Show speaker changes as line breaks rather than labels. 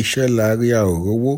iṣẹ́ la rí a ò rówó